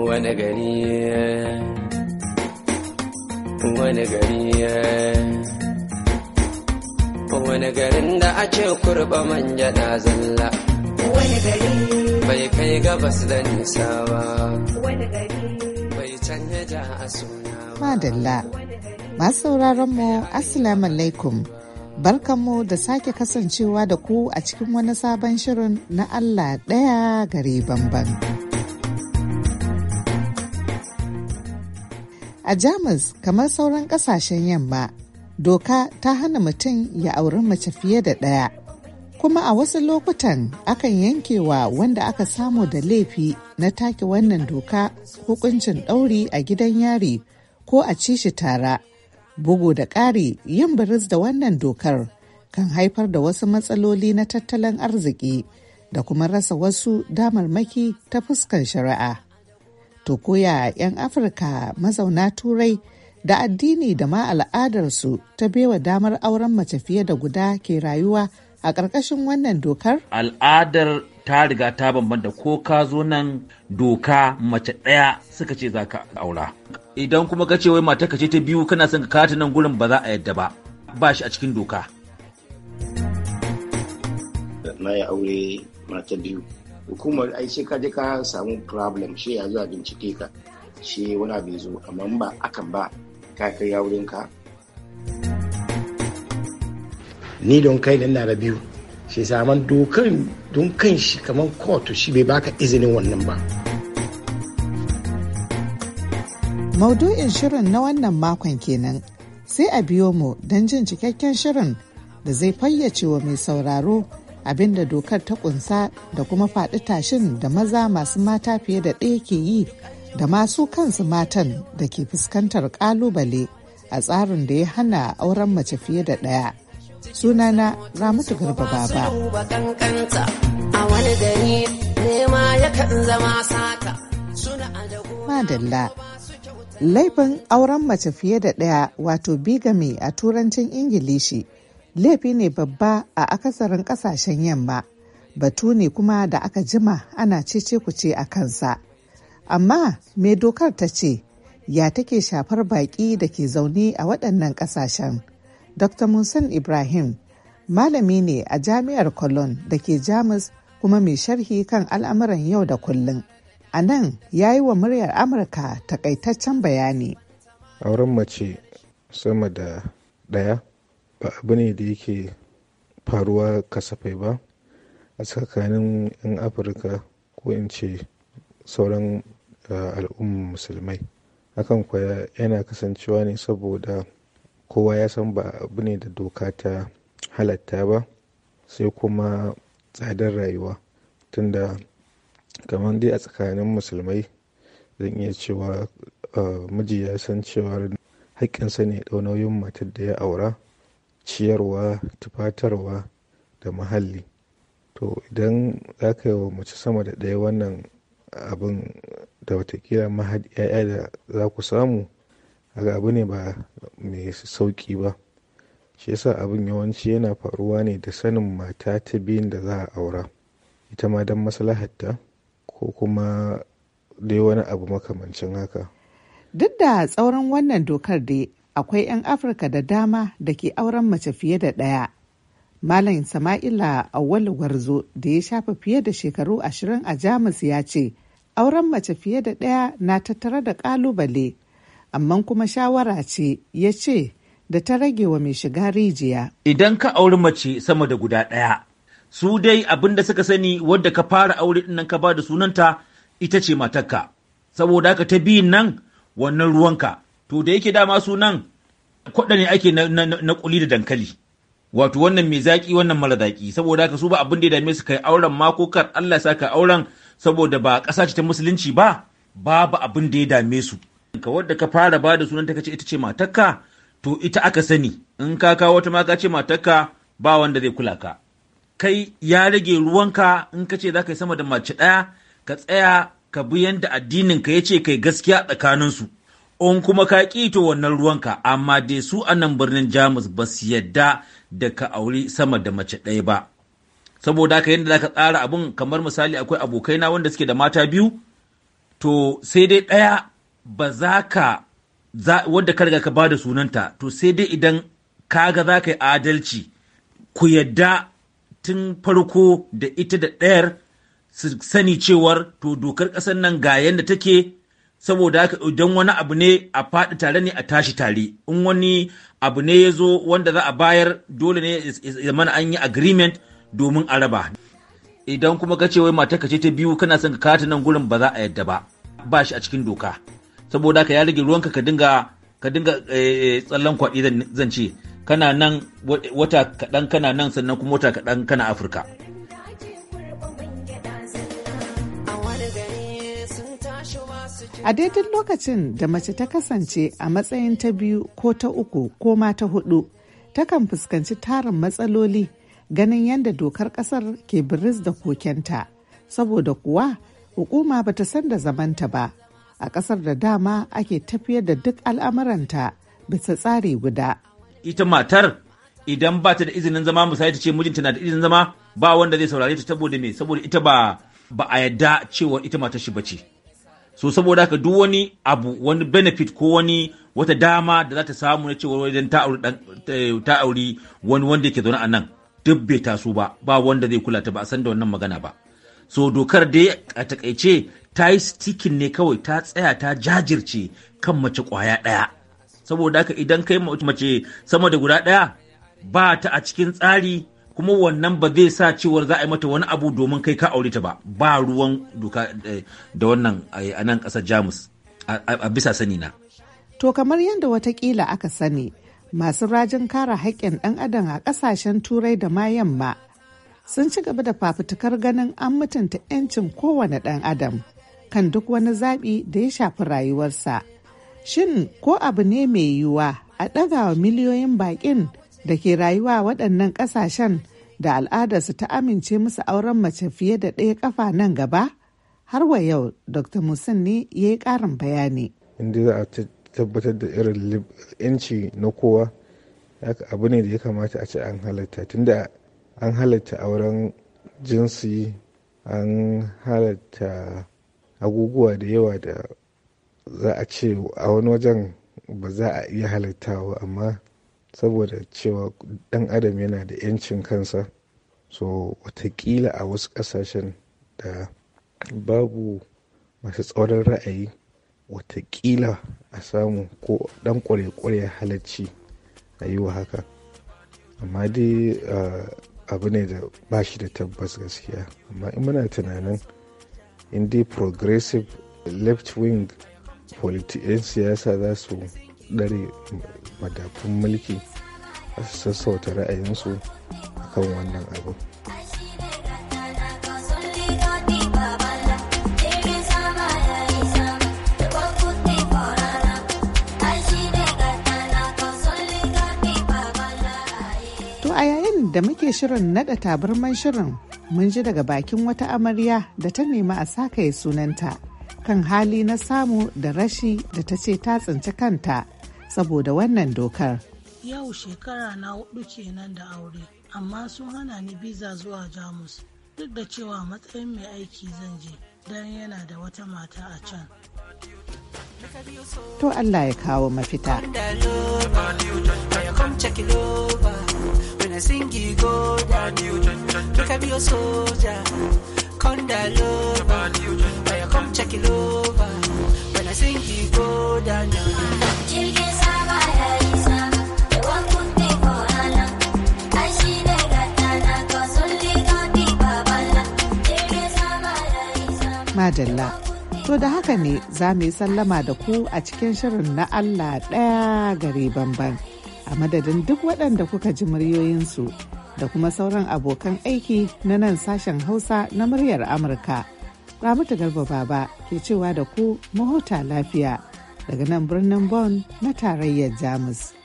wani gari wani gari wani garin da a ce kurba manja na zalla wani gari bai kai gabas da nisa ba wani gari bai canja ja a suna ba. madalla masu sauraron mu assalamu alaikum Barkanmu da sake kasancewa da ku a cikin wani sabon shirin na Allah ɗaya gari bamban. A Jamus kamar sauran ƙasashen yamma, doka ta hana mutum ya auri mace fiye da ɗaya. Kuma a wasu lokutan akan yankewa wanda aka samu da laifi na take wannan doka hukuncin ɗauri a gidan yari ko a ci shi tara. Bugu da ƙari yin biris da wannan dokar kan haifar da wasu matsaloli na tattalin arziki da kuma rasa wasu damarmaki ta fuskar shari'a. to koya 'yan afirka mazauna turai da addini da ma al'adarsu ta bewa damar auren mace fiye da guda ke rayuwa a ƙarƙashin wannan dokar? Al'adar ta riga ta bambanta ko ka zo nan doka mace ɗaya suka ce za ka aura. Idan kuma ka ce wai mata ka ce ta biyu kana son ka kata nan gurin ba za a yadda ba, ba shi a cikin doka. Na yi aure mata biyu hukumar ai sai ka je ka samu problem shi ya zuwa bincike ka shi wani abu zo amma ba akan ba ka kai ya wurin ka ni don kai na biyu shi saman dokan don kan shi kamar kotu shi bai baka izinin wannan ba maudu'in shirin na wannan makon kenan sai a biyo mu don jin cikakken shirin da zai fayyace wa mai sauraro abinda dokar ta kunsa da kuma faɗi tashin da maza masu mata fiye da ɗaya ke yi da masu kansu matan da ke fuskantar ƙalubale a tsarin da ya hana auren mace fiye da ɗaya. Sunana Ramatu Garba Baba. Madalla. Laifin auren mace fiye da ɗaya wato bigami a turancin Ingilishi laifi ne babba a akasarin kasashen yamma batu ne kuma da aka jima ana cece ce a kansa amma me dokar ta ce ya take shafar baƙi da ke zaune a waɗannan ƙasashen dr musan ibrahim malami ne a jami'ar cologne da ke jamus kuma mai sharhi kan al'amuran yau da kullum a nan ya yi wa muryar amurka takaitaccen bayani auren mace sama da ɗaya ba abu ne da yake faruwa kasafai ba a tsakanin 'yan afirka ko in ce sauran eh, al'ummar musulmai hakan kwaya yana kasancewa ne saboda kowa ya san ba abu ne da doka ta halatta ba sai kuma tsadar rayuwa tunda kamar dai a tsakanin musulmai zan iya cewa eh, miji ya san cewar haƙƙinsa ne ɗau nauyin matar da ya aura ciyarwa tufatarwa da muhalli to idan za ka yi wa mace sama da ɗaya wannan abin da watakila mahad 'ya'ya da za ku samu haka abu ne ba mai sauƙi ba shi yasa abin yawanci yana faruwa ne da sanin mata ta biyun da za a aura ita ma don maslahatta ko kuma dai wani abu makamancin haka duk da tsauran wannan dokar dai akwai 'yan afirka da dama da ke auren mace fiye da ɗaya malam sama'ila awwal warzo da ya shafa fiye da shekaru ashirin a jamus ya ce auren mace fiye da ɗaya na tattare da ƙalubale amma kuma shawara ce ya ce da ta rage wa mai shiga rijiya idan ka auri mace sama da guda ɗaya su dai abin da suka sani wadda ka fara aure ɗinnan ka ba da sunanta ita ce matarka saboda haka ta biyun nan wannan ruwanka to da yake dama sunan kwaɗa ne ake na kuli da dankali wato wannan mai zaƙi wannan mara zaƙi saboda haka su ba abin da ya dame su kai auren mako kar Allah sa ka auren saboda ba ƙasa ce ta musulunci ba babu abin da ya dame su ka wadda ka fara ba da sunan ta kace ita ce matarka to ita aka sani in ka kawo wata ma ka ce matarka ba wanda zai kula ka kai ya rage ruwanka in ka ce za ka yi sama da mace ɗaya ka tsaya ka bi yanda addinin ka ya ce kai gaskiya tsakaninsu in kuma ka to wannan ruwanka amma dai su a nan birnin jamus ba su yadda da ka auri sama da mace ɗaya ba saboda haka yadda zaka tsara abun kamar misali akwai abokaina wanda suke da mata biyu to sai dai ɗaya ba za ka wadda ka riga ka ba da sunanta to sai dai idan ka ga za ka yi adalci ku yadda tun farko da ita da ɗayar su sani cewar to dokar ƙasar nan ga yadda take saboda haka idan wani abu ne a faɗi tare ne a tashi tare in wani abu ne ya zo wanda za a bayar dole ne ya mana an yi agreement domin a raba idan kuma ka ce wai mata ka ce ta biyu kana son ka kata nan gurin ba za a yadda ba ba shi a cikin doka saboda haka ya rage ruwanka ka dinga ka dinga eh, eh, tsallan kwaɗi zan ce kana nan wata kaɗan kana nan sannan kuma wata kaɗan kana afirka A daidai lokacin da mace ta kasance a matsayin ta biyu ko ta uku ko ma ta hudu, takan fuskanci tarin matsaloli ganin yadda dokar kasar ke biris da kokenta. Saboda kuwa hukuma ba ta san da zamanta ba, a kasar da dama ake tafiyar da duk al'amuranta bisa tsari guda. Ita matar idan ba ta da izinin zama misali ta ce mijinta na da izinin zama ba wanda zai saurare ta saboda me saboda ita ba ba a yadda cewa ita matar shi bace. so saboda haka duk wani abu wani benefit ko wani wata dama da za ta samu na cewa wajen ta auri wani wanda yake zaune a nan duk bai taso ba ba wanda zai kula ta ba a san da wannan magana ba so dokar dai a takaice ta yi stikin ne kawai ta tsaya ta jajirce kan mace kwaya ɗaya saboda haka idan kai mace sama da guda ɗaya ba ta a cikin tsari kuma wannan ba zai sa cewar za a yi mata wani abu domin kai ka aure ta ba ba ruwan doka eh, da wannan eh, a nan ƙasar jamus a bisa sani na to kamar yadda watakila aka sani masu rajin kare haƙƙin ɗan adam a ƙasashen turai da ma yamma sun ci gaba da fafutukar ganin an mutunta 'yancin kowane ɗan adam kan duk wani zaɓi da ya shafi rayuwarsa shin ko abu ne mai yiwuwa a ɗaga wa miliyoyin baƙin da ke rayuwa waɗannan ƙasashen da al'adarsu ta amince musu auren mace fiye da ɗaya ƙafa nan gaba? Har wa yau Dr. ne ya yi ƙarin bayani. Inda za a tabbatar da irin 'yanci na kowa abu ne da ya kamata a ce an halatta tunda an halatta auren jinsi an halatta abubuwa da yawa da za a ce a wani wajen ba za a iya halittawa amma saboda cewa dan adam yana da 'yancin kansa so watakila a wasu kasashen da babu masu tsoron ra'ayi watakila a samu ko dan kware-kware halarci a yi wa haka amma dai abu ne da ba shi da tabbas gaskiya amma in muna tunanin indi progressive left wing 'yan siyasa za su dare madafun mulki su sassauta ra'ayinsu kan wannan abu. da muke shirin nada tabarman shirin mun ji daga bakin wata amarya da ta nemi a sakaye sunanta kan hali na samu da rashi da ta ce ta tsinci kanta saboda wannan dokar. Yau shekara na hudu kenan da aure, amma sun hana ni biza zuwa Jamus duk da cewa matsayin mai aiki zan je don yana da wata mata a can. To Allah ya kawo mafita. Come check it over when I sing you go down. Madalla. To da haka ne za mu yi sallama da ku a cikin shirin na Allah ɗaya gari bamban a madadin duk waɗanda kuka ji muryoyinsu da kuma sauran abokan aiki na nan sashen Hausa na muryar Amurka. Ramatu Garba Baba ke cewa da ku mahuta lafiya. daga nan birnin Bonn na tarayyar Jamus.